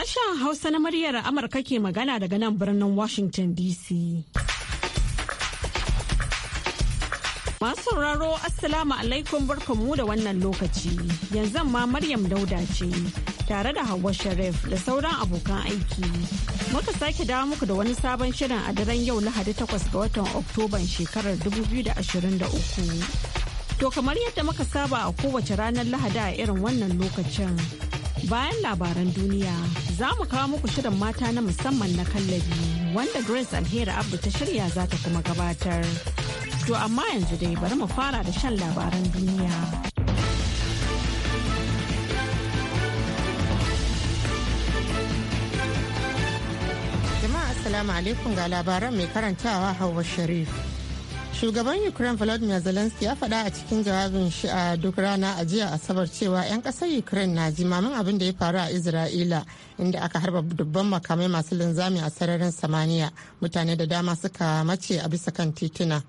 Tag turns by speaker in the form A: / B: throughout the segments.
A: Sashen Hausa na muryar Amurka ke magana daga nan birnin Washington DC. Masu raro Assalamu alaikum barkanmu da wannan lokaci. Yanzu ma Maryam Dauda ce tare da Hauwa Sharif da sauran abokan aiki. Muka sake dawo muku da wani sabon shirin a daren yau Lahadi takwas ga watan Oktoban shekarar 2023. To kamar yadda muka saba a kowace ranar Lahadi a irin wannan lokacin. Bayan labaran duniya, za mu kawo muku shirin mata na musamman na kallabi wanda Grace Alheri Abdu ta shirya za ta kuma gabatar. To amma yanzu dai bari mu fara da shan labaran duniya.
B: Jama'a Assalamu alaikum ga labaran mai karantawa Hauwa Sharif. shugaban ukraine volodymyr zelensky ya faɗa a cikin jawabin shi a duk rana a jiya asabar cewa 'yan ƙasar ukraine na jimamin abin da ya faru a isra'ila inda aka harba dubban makamai masu linzami a sararin samaniya mutane da dama suka mace a bisa kan tituna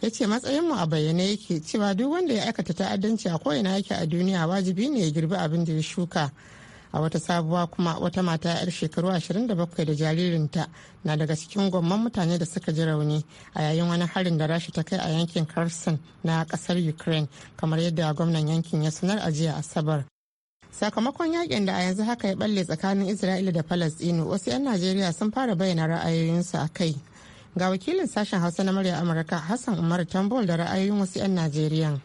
B: ya ce matsayinmu a bayyane yake cewa duk wanda ya aikata ta'addanci a ko'ina yake a duniya wajibi ne ya girbi abin da ya shuka a wata sabuwa kuma wata mata 'yar shekaru 27 da jaririnta na daga cikin gwamman mutane da suka ji rauni a yayin wani harin da rasha ta kai a yankin kherson na kasar ukraine kamar yadda gwamnan yankin ya sanar a jiya asabar sakamakon yakin da a yanzu haka ya balle tsakanin isra'ila da palestino wasu 'yan najeriya sun fara bayyana ra'ayoyinsu a kai ga wakilin sashen hausa na murya amurka hassan umar tambol da ra'ayoyin wasu 'yan najeriya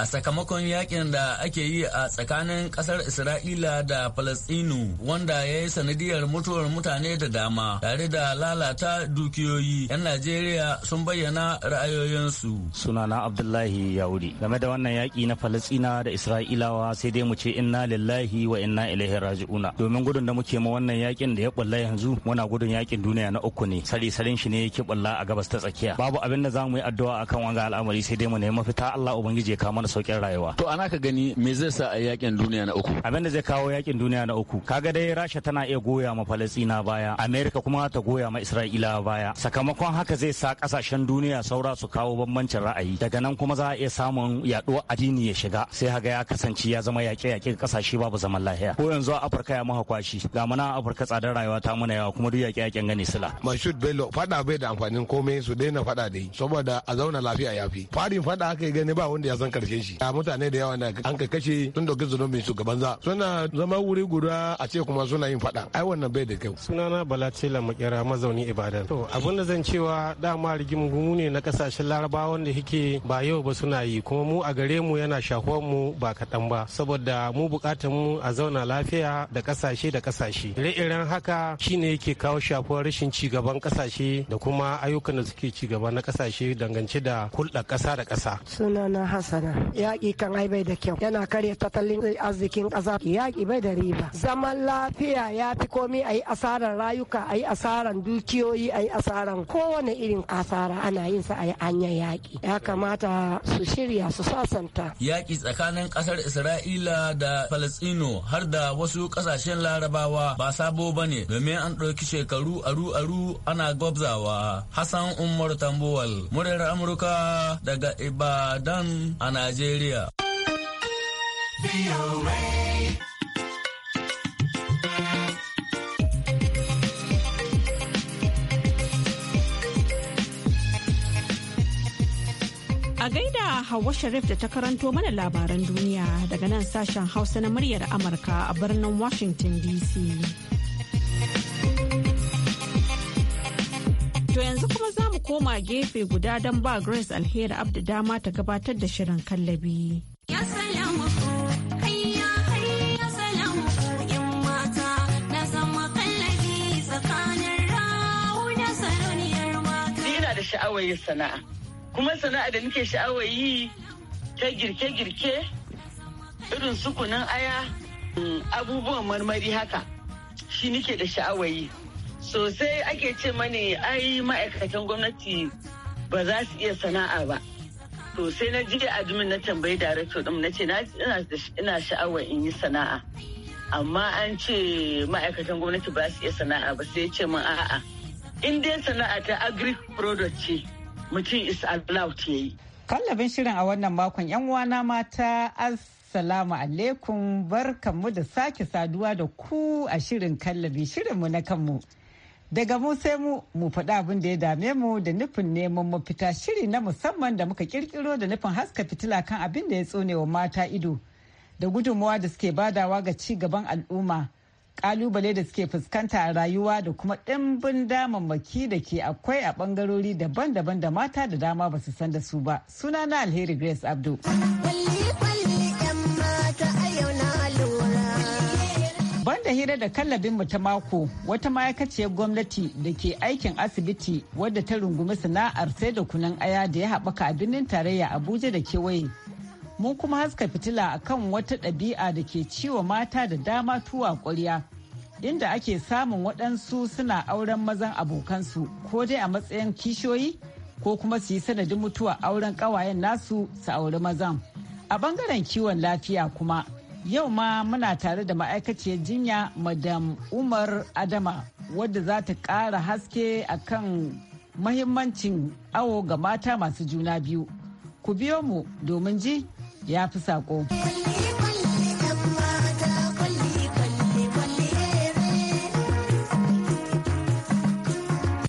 C: A sakamakon yakin da ake yi a tsakanin kasar Isra'ila da Falasɗinu wanda ya yi sanadiyar mutuwar mutane da dama tare da lalata dukiyoyi, 'yan Najeriya sun bayyana ra'ayoyinsu. Sunana
D: Abdullahi Yahudi. Game da wannan yaƙi na Falasɗina da Isra'ilawa sai dai mu ce inna lillahi wa inna ilaihi raji'una. Domin gudun da muke ma wannan yakin da ya bulla yanzu muna gudun yakin duniya na uku ne. Sari sarin shi ne yake bulla a gabas ta tsakiya. Babu abin da za mu yi addu'a akan wanga al'amari sai dai mu nemi mafita
E: Allah Ubangiji ya kama mana saukin rayuwa to ana ka gani me zai sa a yakin duniya na uku abin da zai kawo yakin duniya na uku kaga dai rasha tana iya goya ma falastina baya amerika kuma ta goya ma
D: isra'ila baya sakamakon haka zai sa kasashen duniya saura su kawo bambancin ra'ayi daga nan kuma za a iya samun yaduwar addini ya shiga sai haga ya kasance ya zama yaƙe-yaƙe kasashe babu zaman
E: lafiya ko yanzu a afirka ya maha kwashi ga mana afirka tsadar rayuwa ta muna yawa kuma duk yaƙe-yaƙen gani sila mashud bello fada bai da amfanin komai su daina fada dai saboda a zauna lafiya yafi farin fada aka yi gani ba wanda ya san karshe kashe shi a mutane da yawa na an ka kashe sun dauki zunubin su gaban za suna zama wuri guda a ce kuma suna yin fada ai wannan bai da kyau sunana bala tela makera mazauni ibadan to abin da zan cewa dama rigimu ne na kasashen larabawa wanda yake ba yau ba suna yi kuma mu a gare mu yana shahuwar mu ba kaɗan ba saboda mu bukatar mu a zauna lafiya da kasashe da kasashe ire-iren haka shine yake kawo shafuwar rashin ci gaban kasashe da kuma ayyukan da suke ci gaba na kasashe dangance da hulɗar ƙasa da ƙasa
B: sunana hasana yaƙi kan ai bai da kyau yana karya tattalin arzikin ƙasa yaƙi bai da riba zaman lafiya ya fi komi a yi asarar rayuka a yi asarar dukiyoyi a yi asarar kowane irin asara ana yin sa a yi anya yaƙi ya kamata su shirya su sasanta
C: yaƙi tsakanin ƙasar isra'ila da falastino har da wasu ƙasashen larabawa ba sabo ba ne domin an ɗauki shekaru aru aru ana gwabzawa hassan umar tambuwal muryar amurka daga ibadan a Najeriya. A
A: gaida Hauwa Sharif da ta karanto mana labaran duniya daga nan sashen Hausa na muryar Amurka a birnin Washington DC. To yanzu kuma za koma gefe guda don ba Grace Alheri Abdu dama ta gabatar da shirin kallabi.
C: Ina da sana'a, kuma sana'a da nake sha'awar ta girke-girke irin sukunan aya mm, abubuwan marmari haka shi nike da sha'awar sosai ake ce mani ai ma'aikatan gwamnati ba za su iya sana'a ba to sai na je admin na tambayi director din na ce ina sha'awar in yi sana'a amma an ce ma'aikatan gwamnati ba su iya sana'a ba sai ce min a'a in dai sana'a ta agri product ce mutum is allowed ya yi kallabin shirin
D: a wannan makon yan uwana mata assalamu alaikum barkanmu da sake saduwa da ku a shirin kallabi mu na kanmu Daga mu sai mu mu faɗa abin da ya dame mu da nufin neman mafita shiri na musamman da muka kirkiro da nufin haska fitila kan abin da ya tsone wa mata ido da gudunmawa da suke badawa ga ci gaban al'umma. Kalubale da suke fuskanta a rayuwa da kuma ɗimbin damammaki da ke akwai a ɓangarori daban-daban da mata da dama ba su san da su ba. Sunana Alheri Grace Abdu. hira da kallabinmu ta mako wata ma'aikaciyar gwamnati da ke aikin asibiti wadda ta rungumi sana'ar sai da kunan aya da ya haɓaka a birnin tarayya Abuja da kewaye. Mun kuma haska fitila a kan wata ɗabi'a da ke ciwa mata da dama tuwa ƙwarya. Inda ake samun waɗansu suna auren mazan abokansu ko dai a matsayin kishiyoyi ko kuma su yi sanadin mutuwa auren ƙawayen nasu su auri mazan. A bangaren kiwon lafiya kuma Yau ma muna tare da ma'aikaciyar jinya Madam Umar Adama wadda za ta ƙara haske a kan mahimmancin awo ga mata masu juna biyu. Ku biyo mu domin ji ya fi saƙo.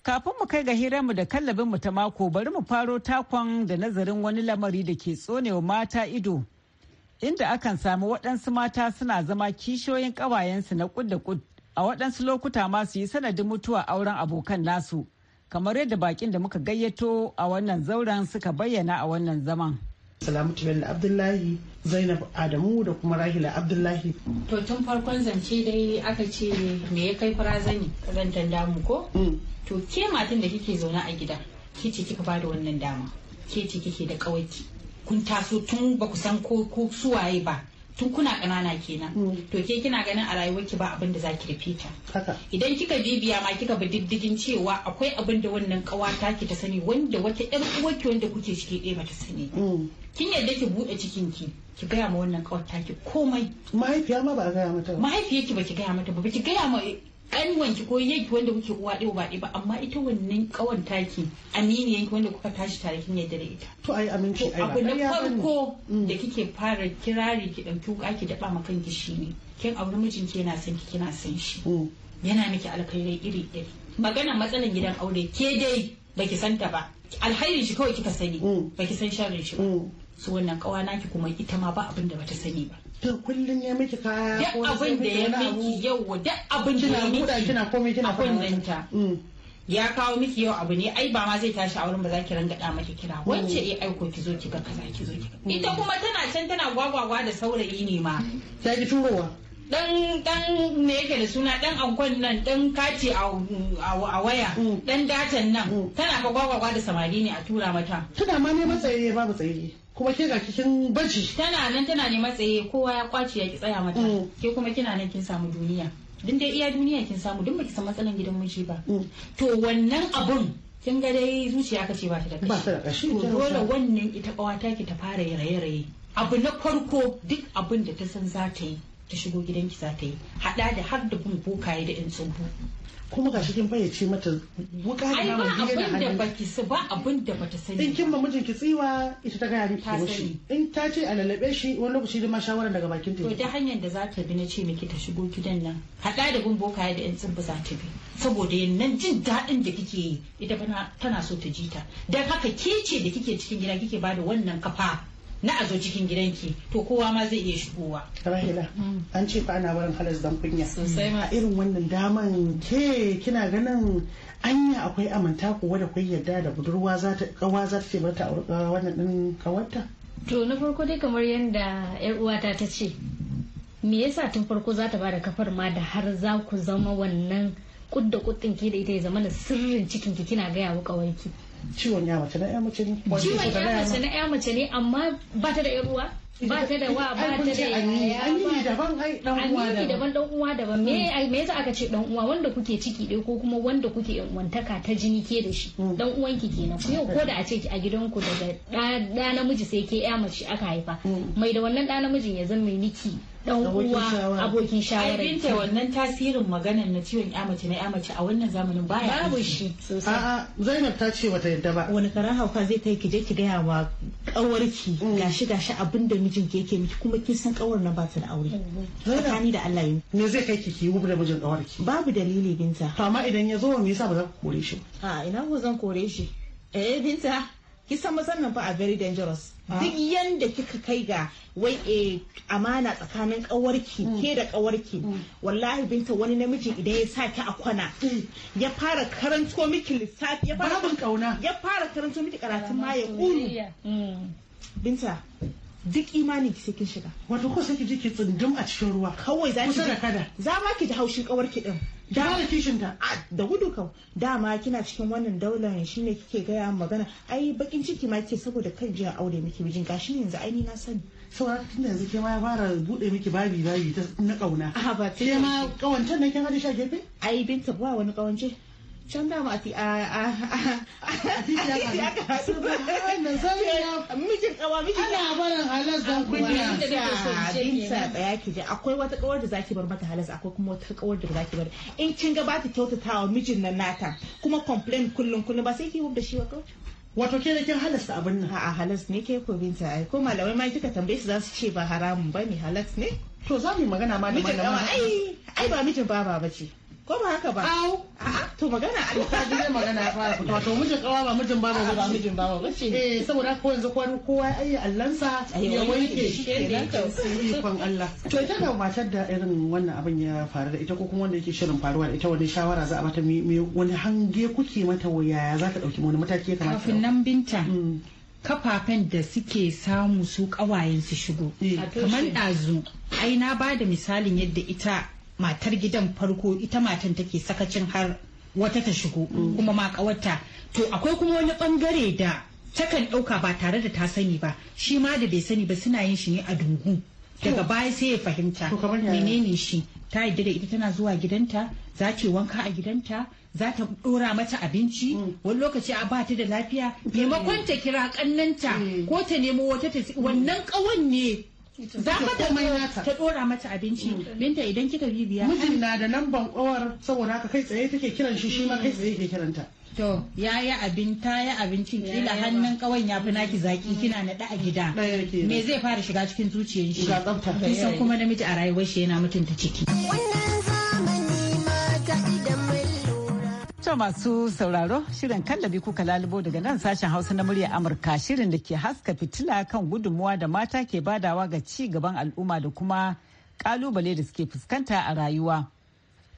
D: Kafin mu kai ga mu da kallabin mu ta mako bari mu faro takon da nazarin wani lamari da ke tsonewa mata ido inda akan sami waɗansu mata suna zama kishiyoyin ƙawayensu na kud da kud a waɗansu lokuta ma su yi sanadin mutuwa auren abokan nasu kamar yadda bakin da muka gayyato a wannan zauren suka bayyana a wannan zaman.
E: Salamatu bin Abdullahi, Zainab Adamu da kuma Rahila Abdullahi.
D: To tun farkon zance dai aka ce me ya kai fara zani zantan damu ko? Mm. To ke matan da kike zaune a gida, ke ce kika bada wannan dama, ke ce kike da kawaki. kun taso tun ba ku san ko ko suwaye ba tun kuna ƙanana kenan mm. to ke kina ganin a rayuwarki ba abin da za ki rufita idan kika bibiya ma kika bi diddigin cewa akwai abin da wannan kawata ki ta sani wanda wata yar uwarki wanda kuke ciki ɗaya ba ta sani mm. kin yadda ki buɗe cikin ki ki gaya ma wannan kawata ki komai
E: mahaifiya ma ba a gaya mata ba
D: mahaifiyarki ba ki gaya mata ba ba ki gaya ma ƙanwanki ko yanki wanda kuke uwa ɗaya ba ba amma ita wannan ƙawan taki aminiyanki wanda kuka tashi tare kin yadda da ita to ai aminci ai abu na farko mm. da kike fara kirari ki ɗauki wuka ki daɓa ma kanki ne. kin aure mijinki yana son ki kina son shi mm. yana miki alkhairai iri iri magana matsalan gidan aure ke dai baki san ta ba alkhairin shi kawai kika sani mm. baki san sharrin shi ba su wannan kawa naki kuma ita ma ba abin da bata sani ba
E: to kullum ya miki kaya ko abin da ya miki
D: yau duk abin da ya miki kina komai kina abin nan ta mm. ya kawo miki yau abu ne ai ba ma zai tashi a wurin ba za ki ranga da maki kira mm. wacce eh aiko ki zo ki ga kaza ki zo ki ita mm. kuma tana can tana gwagwagwa da saurayi ne ma
E: ta ki turowa
D: dan dan me yake da suna dan ankon nan dan kati a waya mm. dan datan nan mm. tana ka gwagwagwa da samari ne a tura mata
E: tana ma matsayi tsaye babu tsaye
D: kuma ke ga cikin baji tana nan tana ne matsayi kowa ya kwaci ya ki tsaya mata mm. ke kuma kina nan kin samu duniya din dai iya duniya kin samu din baki san matsalan gidan miji ba to wannan abun kin ga dai zuciya kace ba ta da kashi ba ta da kashi dole wannan ita kawata ki ta fara raye-raye abu na farko duk abin da ta san za ta yi ta shigo gidanki za ta yi hada da har da bin bukaye da yan tsubu kuma ga shi kin ce mata wuka da naman gida da hannu baki su ba abin da bata
E: sani in kin ma ki tsiwa ita ta gaya miki mushi in ta ce a lalabe shi wani lokaci da ma shawaran daga bakin ta to ta hanyar da za ta bi na ce miki ta
D: shigo gidan nan hada da bin bukaye da yan tsubu za ta bi saboda yannan jin daɗin da kike yi ita tana so ta ji ta dan haka ke ce da kike cikin gida kike bada wannan kafa na a zo cikin gidanki to kowa ma zai iya shigowa rahila
E: mm. an ce ba ana barin halas dan kunya a irin wannan daman ke kina ganin anya akwai amanta ko wadda kai yarda da budurwa za ta kawa za ta ce mata a wannan din kawarta
A: to na farko dai kamar yadda yar uwata ta ce me yasa tun farko za ta
E: bada kafar ma da har za ku zama wannan kudda kudin ke da ita ya zama na sirrin cikin ki kina gaya wa kawai ciwon ya mace na ya mace ne ciwon ya mace na ya mace ne amma
D: ba ta da yan
A: ruwa. ba ta da wa ba ta da yaya daban
E: ai dan uwa daban
A: daban
D: dan uwa daban me mm. me yasa aka ce dan uwa wanda kuke ciki dai ko kuma wanda kuke yan wantaka ta jini ke da shi dan mm. uwan ki kenan ku yau ko da a ce ki a gidanku daga da namiji sai ke ya mace aka haifa mm. mai da wannan da namijin ya zama mai miki dan uwa abokin shawara ai binta wannan tasirin maganar na ciwon ya mace na ya mace a wannan zamanin baya babu
E: shi sosai a'a Zainab ta ce bata yadda ba wani karan hauka zai kai ki je ki gaya wa kawarki mm. gashi gashi abin da mijin ki yake miki kuma kin san kawar na ba ta da aure mm. tsakani da Allah yi me zai kai ki ki yi da mijin kawarki babu dalili binta to amma idan ya zo me yasa ba za ku kore shi
D: ba a ina ko zan kore shi eh binta kisan mazan nan fa a very dangerous ah. duk yanda kika kai ga wai e amana tsakanin kawarki mm. ke da kawarki mm. wallahi binta wani namiji idan ya saki a kwana mm. ya fara karanto miki lissafi ya fara kauna ya fara karanto miki karatun ma ya kuru binta
E: duk imanin ki sai kin shiga wato ko sai ki je ki tsundum a cikin ruwa kawai za ki za ma ki ji haushin kawarki din dawo da kishinta da gudu kan dama kina cikin wannan daular shine kike gaya magana ai bakin ciki ma ke saboda kan jiya aure miki mijin gashi ne yanzu aini na sani saboda tun da yanzu ke ma ya fara bude miki babi babi ta na kauna a ba ta ma kawancen nan kin hada shi a gefe ai binta ba wani kawance can dama a titiya ka a a'a wannan saboda mijin kawa mijin
D: ana barin halas don kunya binta tsaya ki ji akwai wata kawar da zaki bar mata halas akwai kuma wata kawar da zaki bar in kin ga ba ta kyautatawa mijin nan nata kuma complain kullum kullum ba sai ki hubda shi ba kawai wato ke da kin halasta abin nan a halas ne ke ko binta ai ko malamai ma kika tambaye su za su ce ba haramun bane halas ne to za mu magana ma da malamai
E: ai ai ba mijin baba ce ko ba haka ba au to magana Allah ta ji magana ya fara fitowa to mijin kawa ba mijin ba ba ba mijin ba ba bace eh saboda ko yanzu ko kowa ayi allansa ya wanke shi kenan ikon Allah to ita ga matar da irin wannan abin ya faru da ita ko kuma wanda yake shirin faruwa da ita wani shawara za a bata wani hange kuke mata waya za ta dauki wani mataki ya kamata kafin
D: nan binta mm. kafafen da suke samu su kawayen su shigo eh. kamar ɗazu ai na ba da misalin yadda ita matar gidan farko ita matan take sakacin har wata ta shigo kuma ma kawarta to akwai kuma wani bangare da takan dauka ba tare da ta sani ba shi ma da bai sani ba suna yin shi ne a dungu daga baya sai ya fahimta menene shi ta yadda da ita tana zuwa gidanta za ce wanka a gidanta za ta dora mata abinci mm. wani lokaci a ba ta da lafiya mm. maimakon ta kira kannanta mm. ko ta nemo wata ta
E: wannan kawan ne
B: za da mai nata
E: ta dora mata abinci mm. binta idan kika bibiya mijin na da lamban kowar saboda haka kai tsaye take kiran shi shi ma kai tsaye yake kiranta
D: To, ya yi abin ta ya abincin kila hannun kawai ya fi naki zaki mm. kina naɗa a gida. Me zai fara shiga cikin zuciyar shi? Ga tsafta. kuma namiji a rayuwar shi yana mutunta ciki.
A: Wannan
D: To masu sauraro shirin kallabi kuka lalubo daga nan sashen Hausa na murya Amurka shirin da ke haska fitila kan gudunmuwa da mata ke badawa ga ci gaban al'umma da kuma kalubale da suke fuskanta a rayuwa.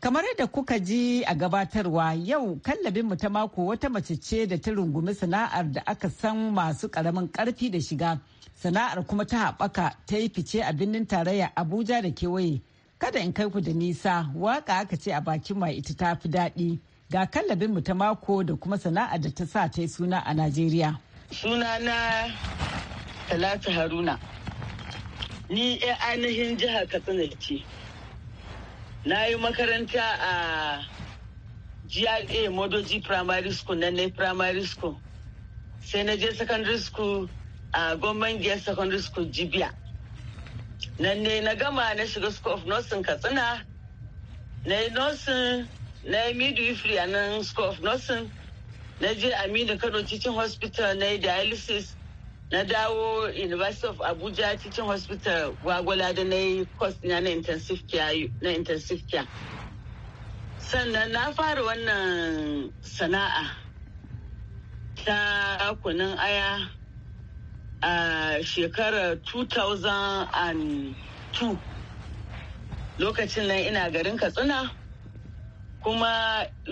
D: Kamar yadda kuka ji a gabatarwa yau kallabin mu ta mako wata mace ce da ta rungumi sana'ar da aka san masu karamin karfi da shiga. Sana'ar kuma ta haɓaka ta yi fice a birnin tarayya Abuja da kewaye. Kada in kai ku da nisa, waka aka ce a bakin mai ita ta fi daɗi. ga kallabinmu ta mako da kuma sana'a da ta sa ta yi suna a Najeriya.
C: Suna na Talatu Haruna. Ni ya ainihin jiha Katsina ce. Na yi makaranta a GRA Modoji Primary School na Nai Primary School. Sai na je secondary school a Gomman Gear Secondary School Jibiya. Nan ne na gama na shiga School of Nursing Katsina. Na yi nursing na midwifery a nan school of nursing na je aminu kano cikin hospital na dialysis na dawo university of abuja cikin hospital gwagwala da na yi course na intensive care na intensive care sannan na fara wannan sana'a ta kunin aya a shekarar 2002 lokacin nan ina garin katsina kuma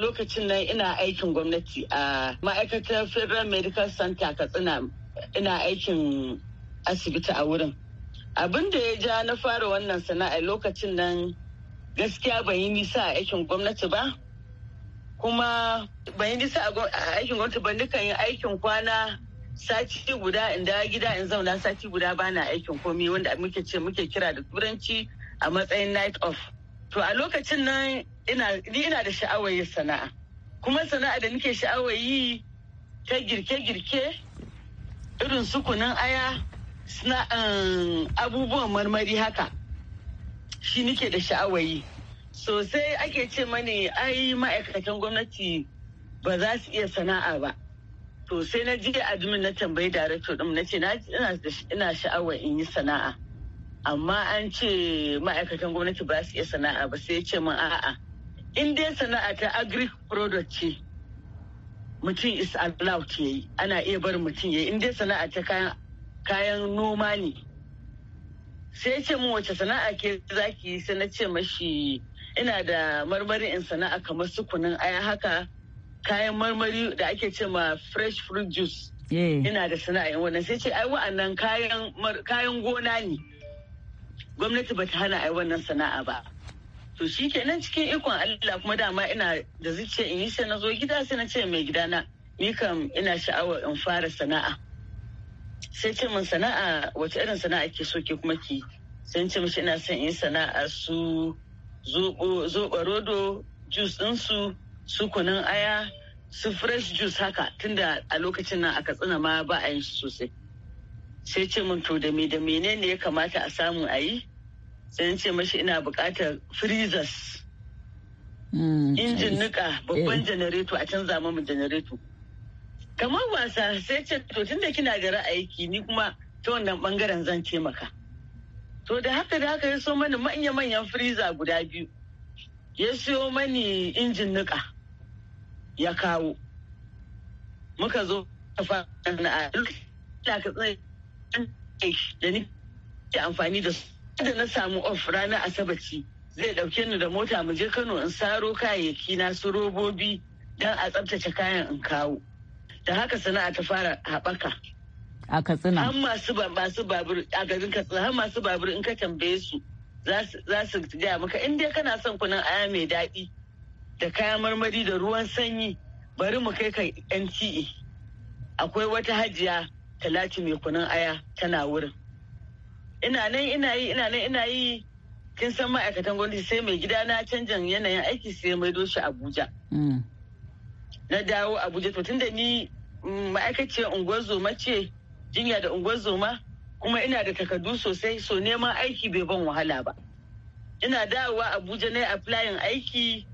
C: lokacin nan ina aikin gwamnati a ma'aikatar federal medical center katsina ina aikin asibiti a wurin abin da ya ja na fara wannan sana'a lokacin nan gaskiya ban yi nisa a aikin gwamnati ba kuma ban yi nisa a aikin gwamnati ba nukan yi aikin kwana sati guda in gida in zauna sati guda bana aikin komi wanda muke ce muke kira da turanci a matsayin night off to a lokacin nan ni ina da sha'awar yin sana'a kuma sana'a da nake sha'awar yi ta girke-girke irin su aya suna eh, abubuwan marmari haka shi nike da sha'awar yi sosai ake ce mani ai ma'aikatan gwamnati ba za su iya sana'a ba to sai na jiya admin na tambayi director din na ce ina sha'awar in yi sana'a amma an ce ma'aikatan gwamnati ba su iya sana'a ba sai ce min a'a in dai sana'a ta agri product ce mutum is allowed ya yi ana iya bar mutum ya yi in dai sana'a ta kayan noma ne sai ce mu wace sana'a ke zaki yi sai na ce mashi ina da marmari in sana'a kamar su aya haka kayan marmari da ake ce ma fresh fruit juice ina da sana'a wannan sai ce ai wa'annan kayan gona ne gwamnati bata hana ai wannan sana'a ba to shi kenan cikin ikon Allah kuma dama ina da zuciya in yi sai na zo gida sai na ce mai gidana ni kam ina sha'awar in fara sana'a sai ce min sana'a wace irin sana'a ke so ke kuma ki sai ce mishi ina son in yi sana'a su zoɓa rodo juice ɗinsu su kunun aya su fresh juice haka tunda a lokacin nan a Katsina ma ba a yin shi sosai sai ce min to da me da menene ya kamata a samu a yi sai ce mashi ina bukatar freezers
A: mm, injin nuka
C: babban eh. janareto a canza mamu janareto kamar wasa sai ce to tunda kina da ra'ayi ni kuma ta wannan bangaren zan taimaka to da haka da haka ya so mani manya-manyan freezer guda biyu ya siyo mani injin nuka ya kawo muka zo a da ni ke amfani da su kada na samu of ranar asabaci zai ɗauke ni da mota mu je kano in saro kayayyaki na su robobi don a tsabtace kayan in kawo da haka sana'a ta fara haɓaka
D: a katsina han
C: masu babur a garin katsina har masu babur in ka tambaye su za su gaya maka in dai kana son kunan aya mai daɗi da kayan marmari da ruwan sanyi bari mu kai ka NTA akwai wata hajiya talatu mai kunan aya tana wurin ina nan ina yi ina nan ina yi kin san ma'aikatan gwamnati sai mai gida na canjan yanayin aiki sai mai doshi abuja mm. na dawo abuja to tunda ni mm, ma'aikaciyar unguwar zoma ce jinya da unguwar zoma kuma ina da takardu sosai so neman aiki bai ban wahala ba ina dawowa abuja na yi aiki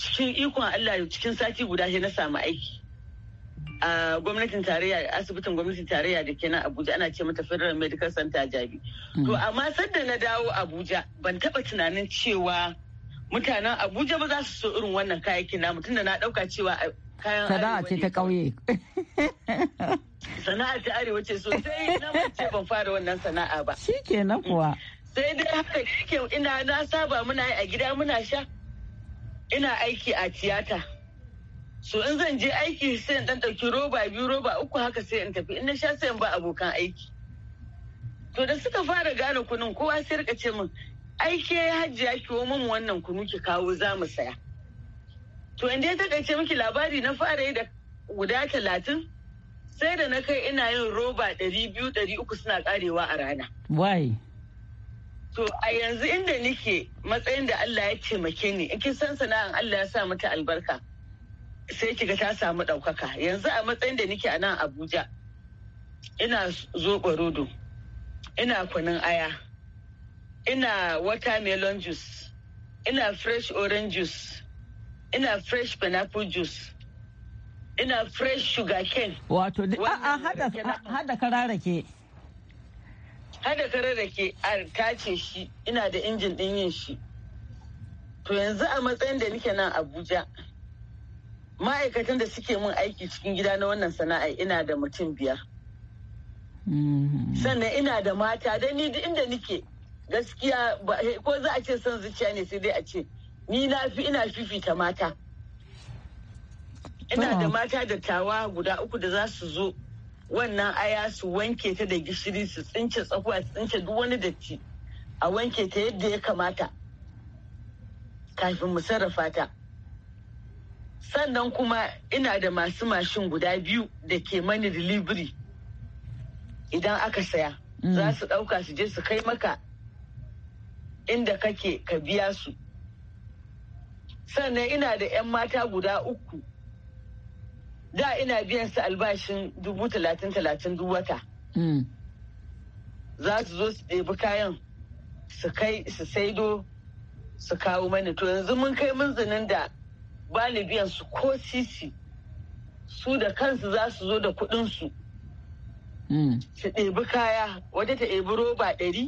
C: cikin ikon allah cikin sati guda sai na samu aiki a gwamnatin tarayya asibitin gwamnatin tarayya da kenan abuja ana ce mata federal medical center jabi to mm. amma sanda na dawo abuja ban taba tunanin cewa mutanen abuja ba za su so irin wannan kayayyakin mutum da na dauka cewa eh, kayan sana'a
D: ce ta kauye
C: sana'a ta arewa ce sosai na mace ban fara wannan sana'a ba shikenan kuwa mm. sai dai haka yake ina na saba muna yi a gida muna sha ina aiki a tiyata so in zan je aiki sai in dan dauki roba biyu roba uku haka sai in tafi in na sha sai in ba abokan aiki to da suka fara gane kunun kowa sai rika ce min aike Hajji ya kiwo min wannan kunu ki kawo za mu saya to in dai takaice miki labari na fara yi da guda talatin sai da na kai ina yin roba ɗari biyu ɗari uku suna karewa a rana why to a yanzu inda nike matsayin da Allah ya taimake ni in kin san sana'an Allah ya sa mata albarka sai kiga ta samu ɗaukaka yanzu a matsayin da nike a nan abuja ina zoɓa rodo ina kunun aya ina watermelon juice ina fresh orange juice ina fresh pineapple juice ina fresh sugar cane
D: wato a hada kararake
C: hada kararake a tace shi ina da injin din yin shi to yanzu a matsayin da nike nan abuja ma'aikatan da suke mun aiki cikin gida na wannan sana'a ina da mutum biyar sannan ina da mata da ni inda nike gaskiya ko za a ce son zuciya ne sai dai a ce ni na fi ina fifita mata ina da mata da tawa guda uku da za su zo wannan aya su wanke ta da gishiri su tsince tsakuwa su tsince duk wani datti a wanke ta yadda ya kamata kafin mu sarrafa ta sannan kuma ina da masu mashin guda biyu da ke mani delivery idan aka saya mm. za su ɗauka su je su kai maka inda kake ka biya su sannan ina da 'yan mata guda uku da ina biyan su albashin dubu talatin talatin duk wata mm. za su zo su ɗebi kayan su kai su saido su kawo mani to yanzu mun kai mun zinin da Bani biyan su ko sisi su da kansu za su zo da kudinsu. Hmm. su ɗebi kaya wata ta ɗebi roba ɗari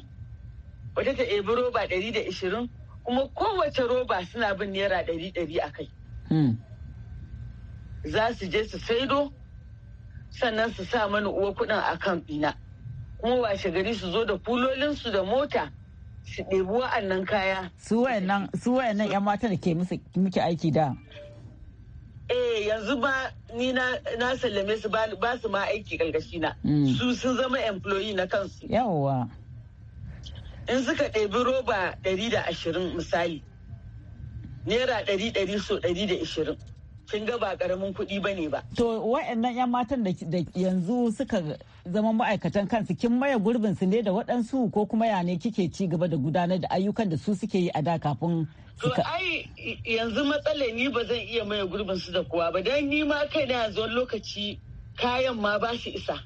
C: wata ta ɗebi roba ɗari da ishirin kuma kowace roba suna bin naira ɗari ɗari a kai hmm. za su je su saido sannan su sa mani uwa kuɗin kan ɗina kuma washe gari su zo da fulolinsu da mota su ɗebi wa'annan kaya.
D: Su wa'annan 'yan mata da ke muke aiki da.
C: Eh yanzu ba ni na sallame su ba su ma aiki karkashi na. Mm. Su sun zama employee na kansu.
D: Yawwa.
C: In suka ɗebi roba ɗari da ashirin misali. Naira ɗari ɗari so ɗari da ashirin. Kin ga ba ƙaramin kuɗi ba ne ba. To
D: wa'annan 'yan matan da yanzu suka zaman ma'aikatan kansu kin maye gurbin su ne da waɗansu ko kuma ya ne kike ci gaba da gudanar da ayyukan da su suke yi a da kafin To
C: ai yanzu matsala ni ba zan iya maye gurbin su da kowa ba dan ni ma kai na zuwan lokaci kayan ma ba su isa.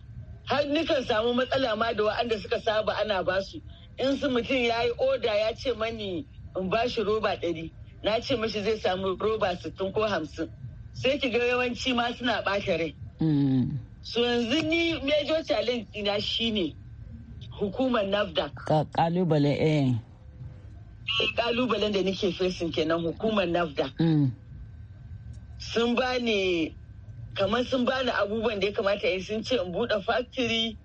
C: Har nikan samu matsala ma da wa'anda suka saba ana ba su. In su mutum ya yi oda ya ce mani in ba shi roba ɗari. Na ce mashi zai samu roba sittin ko hamsin. Sai ki ga yawanci ma suna ɓata rai. Mm. su yanzu ni major challenge ina shine hukumar nafdac kalubale eh kalubalen da nake facing kenan hukumar nafdac mm. sun ni kamar sun bani abubuwan da ya kamata yi sun ce in bude factory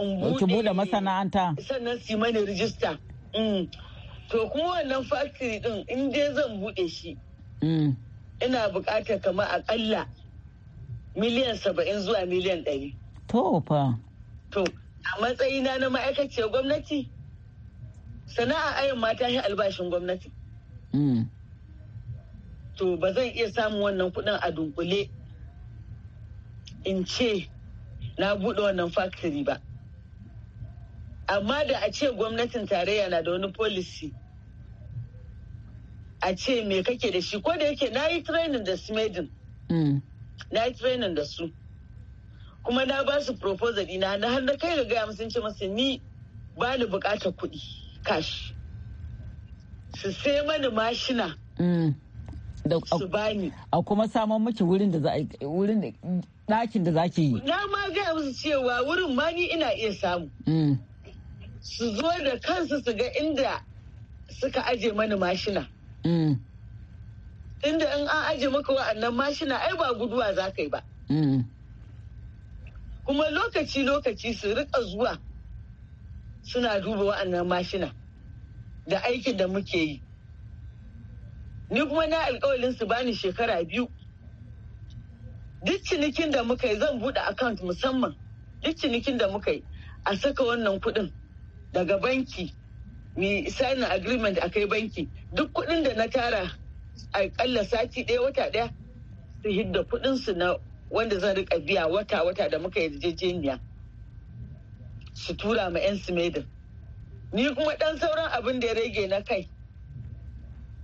C: in bude
D: masana'anta
C: sannan su mani rijista mm. to kuma wannan factory din in dai zan bude shi mm. ina bukatar kamar akalla miliyan saba'in zuwa miliyan ɗari. To fa. To, a matsayina na ma'aikaciyar gwamnati, sana'a ayin mata shi albashin gwamnati. Mm. To, ba zan iya samun wannan kuɗin a dunkule in ce na buɗe wannan factory ba. Amma da a ce gwamnatin tarayya na da wani policy. a ce me kake da shi ko da yake na yi training da smedin. Mm. na yi training da su kuma na ba su proposal ina na har na kai ga gaya sun ce masa ni ba ni bukatar kuɗi cash su sai mani mashina
D: mm. su bani a kuma saman miki wurin da za a wurin da ɗakin da za ki yi
C: na ma gaya musu cewa wurin ma ni ina iya samu mm. su zo da kansu su ga inda suka aje mani mashina mm. Tunda in an aje maka wa'annan mashina ai ba guduwa za ka yi ba. Mm. Kuma lokaci-lokaci su rika zuwa suna duba wa'annan mashina da aikin da muke yi. Ni kuma na alkawalin su bani shekara biyu. Duk cinikin da muka yi zan buɗe akant musamman duk cinikin da muka yi a saka wannan kuɗin daga banki. mi signing agreement a kai banki duk kuɗin da na tara akalla sati ɗaya wata ɗaya su hidda kuɗinsu na wanda zan rika biya wata wata da muka yi yarjejeniya su tura ma 'yan simedin ni kuma ɗan sauran abin da ya rage na kai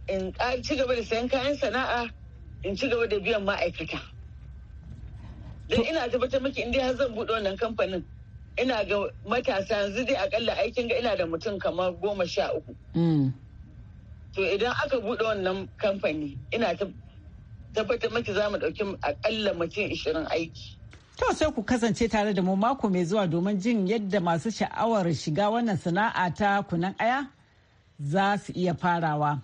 C: in ci gaba da sayan kayan sana'a in ci gaba da biyan ma'aikata don ina tabbatar miki inda har zan buɗe wannan kamfanin ina ga matasa yanzu dai akalla aikin ga ina da mutum kamar goma sha uku mm. to idan aka buɗe wannan kamfani ina tabbatar maki za mu ɗauki akalla mutum 20 aiki.
D: To sai ku kasance tare da mu mako mai zuwa domin jin yadda masu sha'awar shiga wannan sana'a ta kunan aya za su iya farawa.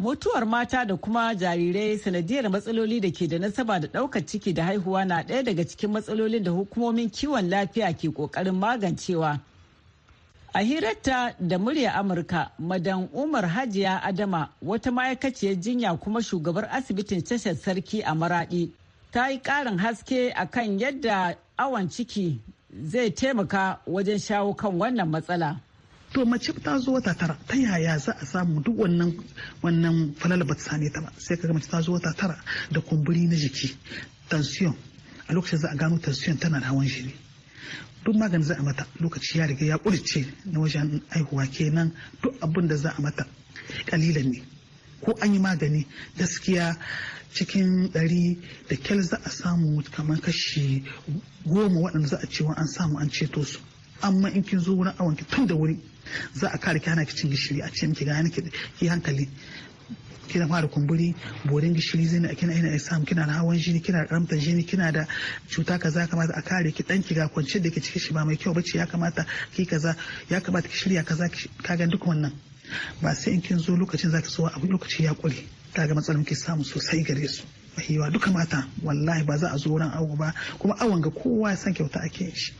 D: Mutuwar mata da kuma jarirai sanadiyar matsaloli da ke da nasaba da ɗaukar ciki da haihuwa na ɗaya daga cikin matsalolin da hukumomin kiwon lafiya ke ƙoƙarin magancewa. A hirarta da murya Amurka, Madan Umar Hajiya Adama wata ma'aikaciyar jinya kuma shugabar asibitin tashar sarki a Maraɗi ta yi ƙarin haske a kan yadda awon ciki zai taimaka wajen shawo kan wannan matsala.
F: to mace ta zo wata tara ta yaya za a samu duk wannan wannan falala ba ta ta ba sai kaga mace ta zo wata tara da kumburi na jiki tension a lokacin za a gano tension tana da hawan jini duk magani za a mata lokaci ya riga ya kurce na wajen aihuwa kenan duk abin da za a mata kalilan ne ko an yi magani gaskiya cikin ɗari da kyal za a samu kamar kashi goma waɗanda za a cewa an samu an ceto su amma in kin zo wurin awon tun da wuri za a kare ki kicin gishiri a ce miki ga ki hankali kina fara kumburi borin gishiri zai kina ina exam kina da hawan jini kina da karamtar jini kina da cuta kaza kamata a kare ki dan ki ga kwance da ke ciki shi ba mai kyau bace ya kamata ki kaza ya kamata ki shirya kaza ka ga duk wannan ba sai in kin zo lokacin zaki so abu lokaci ya kure kaga matsalolin ki samu sosai gare su mahiwa duka mata wallahi ba za a zo wurin awo ba kuma awon ga kowa ya san kyauta ake shi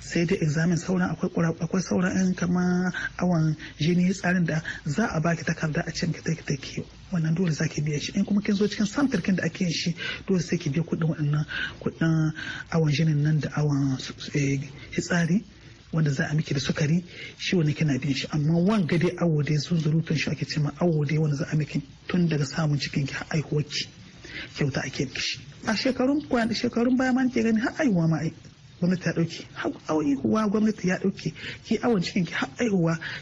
F: sai dai examen sauran akwai sauran yan kama awan jini tsarin da za a baki takarda a cikin ta ta kiyo wannan dole za ki biya shi in kuma kin zo cikin samtar kin da ake yin shi dole sai ki biya kuɗin waɗannan kuɗin awan jinin nan da awan fitsari eh, wanda za a miki da sukari shi wani kina bin shi amma wanga dai awo dai zurutun shi ake ce ma awo dai wanda za a miki tun daga samun cikin ki aihuwaki ki kyauta ake miki shi a shekarun kwana shekarun baya ma ke gani har aiwa ma gwamnati ta dauke har gwamnati ya dauke ki awon cikin ki har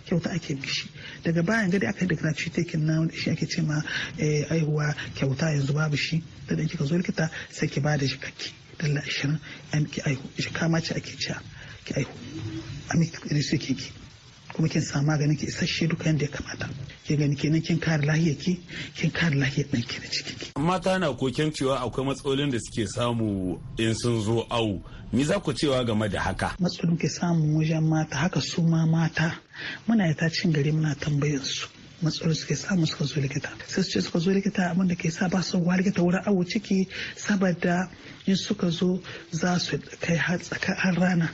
F: kyauta ake mishi daga bayan gadi aka yi da gratuity kin na shi ake ce ma eh, aihuwa kyauta yanzu babu shi da dan kika zo likita sai ki bada shi kake dalla 20 an ki aihu shi kama ce ake cewa ki aihu a ne sai ki kuma kin samu maganin ki isasshe duka yadda ya kamata kin gani kenan kin kare lafiyar ki kin kare lafiyar ɗan ki da ciki.
E: ki mata na koken cewa akwai matsalolin da suke samu in sun zo awu me za ku cewa game da haka
F: matsalolin ke samu wajen mata haka su ma mata muna yi ta cin gari muna tambayar su matsalolin suke samu suka zo likita sai su ce suka zo likita abin da ke sa ba su wa likita wurin awo ciki saboda in suka zo za su kai har rana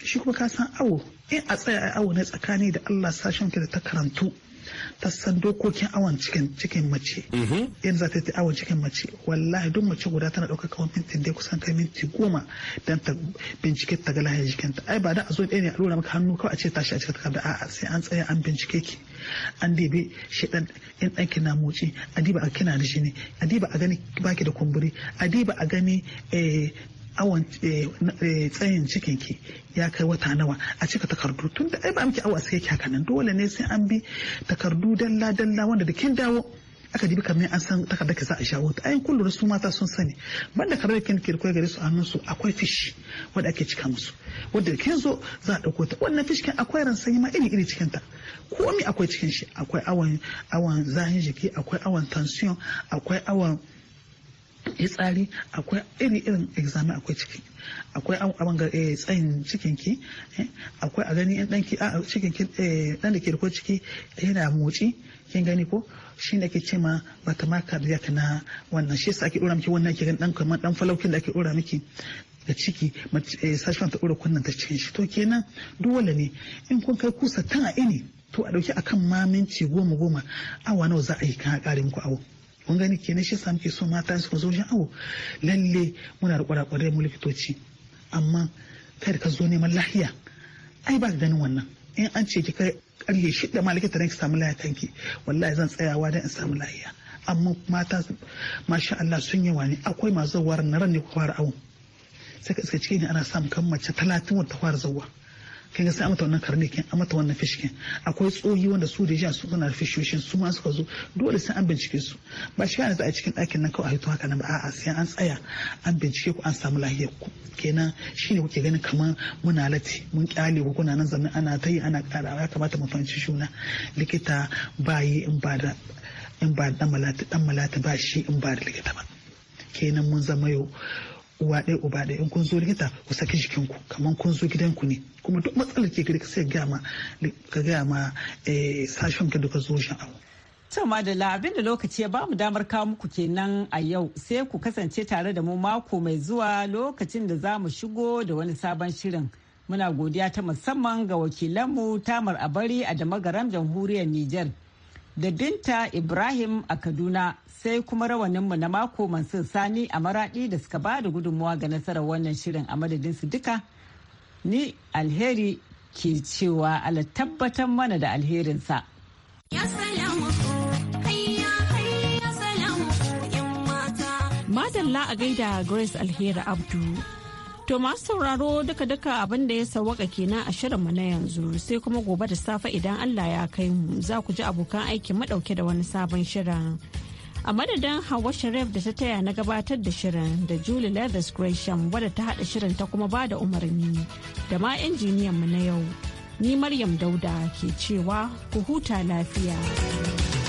F: shi kuma ka san awo in a tsaya a awo ne tsakani da Allah sashen da ta karantu ta san dokokin awon cikin mace in mm-hmm. za ta yi awon cikin mace wallahi duk mace guda tana ɗaukar kawon minti da kusan kai minti goma don ta bincike ta ga lahiyar jikinta ai ba da a zo ɗaya ne a lura maka hannu kawai a ce tashi a cikin takarda a'a sai an tsaya an bincike ki an debe shi ɗan in ɗanki na motsi a diba a kina da shi ne a diba a gani baki da kumburi a diba a gani eh, awon eh, eh, tsayin cikin ki ya kai wata nawa a cika takardu tun da ai ba miki awa sai kika nan dole ne sai an bi takardu dalla dalla wanda da kin dawo aka dibi kamar an san takardar ki za a shawo ta ayin kullu su mata sun sani banda karar kin ki koyi gare su hannun su akwai fish wanda ake cika musu wanda kin zo za a dauko ta wannan fish kin akwai ran sanyi ma iri iri cikin ta komai akwai cikin shi akwai awan awan zahin jiki akwai awan tension akwai awan fitsari akwai iri irin examen akwai ciki akwai abin ga eh, tsayin cikinki eh, akwai a gani yan danki a cikinki dan eh, da ke da ciki yana motsi kin gani ko shi ne ake ce ma bata ma cardiac na wannan shi yasa ake dora miki wannan ke gani dan kamar dan falaukin da ake dora miki da ciki sashen ta dora kunnan ta cikin shi to kenan dole ne in kun kai kusa tan a ini to a dauki akan ma minti goma goma awa nawa za a yi kan a kare awo kun gani kenan shi sam ke so mata su zo wajen awo lalle muna da kwarakwarai mu likitoci amma kada ka zo neman lahiya ai ba ganin wannan in an ce ki kai karye shida ma ne ki samu lahiya kanki wallahi zan tsayawa dan in samu lahiya amma mata masha Allah sun yi wani akwai masu zawar na ran ne ku fara awo sai ka iska ciki ana samu kan mace talatin wata fara zawa kin ga sai amata wannan karnikin amata wannan fishkin akwai tsohi wanda su da ja su suna fishoshin su ma suka zo dole sai an bincike su ba shi yana a cikin ɗakin nan kawai a hito haka nan ba a'a sai an tsaya an bincike ku an samu lahiyar ku kenan ne kuke ganin kamar muna lati mun kyale ku kuna nan zaman ana ta yi ana ƙara ya kamata mu fahimci juna likita ba yi in ba da in ba dan malata dan malata ba shi in ba da likita ba kenan mun zama yau uwa ɗaya uba ɗaya in kun zo likita ku saki jikin ku kamar kun zo gidanku ne kuma duk matsalar ke gari sai ga ma ka ga ma eh, sashen ka duka zo shan abu
D: To Madalla abinda lokaci ya bamu damar kawo muku kenan a yau sai ku kasance tare da mu mako mai zuwa lokacin da za mu shigo da wani sabon shirin. Muna godiya ta musamman ga wakilanmu Tamar Abari a da magaram jamhuriyar Nijar da binta Ibrahim a Kaduna sai kuma rawaninmu na mako Mansur Sani a Maradi da suka ba da gudunmuwa ga nasarar wannan shirin a madadinsu duka. Ni alheri ke cewa ala tabbatar mana da alherinsa. Madalla a gaida Grace
A: Alheri Abdu. To masu sauraro duka-duka abin da ya sawaka kenan a shirinmu na yanzu sai kuma gobe da safe idan Allah ya kai mu za ku ji abokan aikin madauke da wani sabon shirin. A madadin Hauwa Sharif da ta taya na gabatar da shirin da Julie Leathers Gresham wadda ta haɗa shirin ta kuma ba da umarni da ma injiniyan mu na yau. Ni Maryam Dauda ke cewa ku huta lafiya.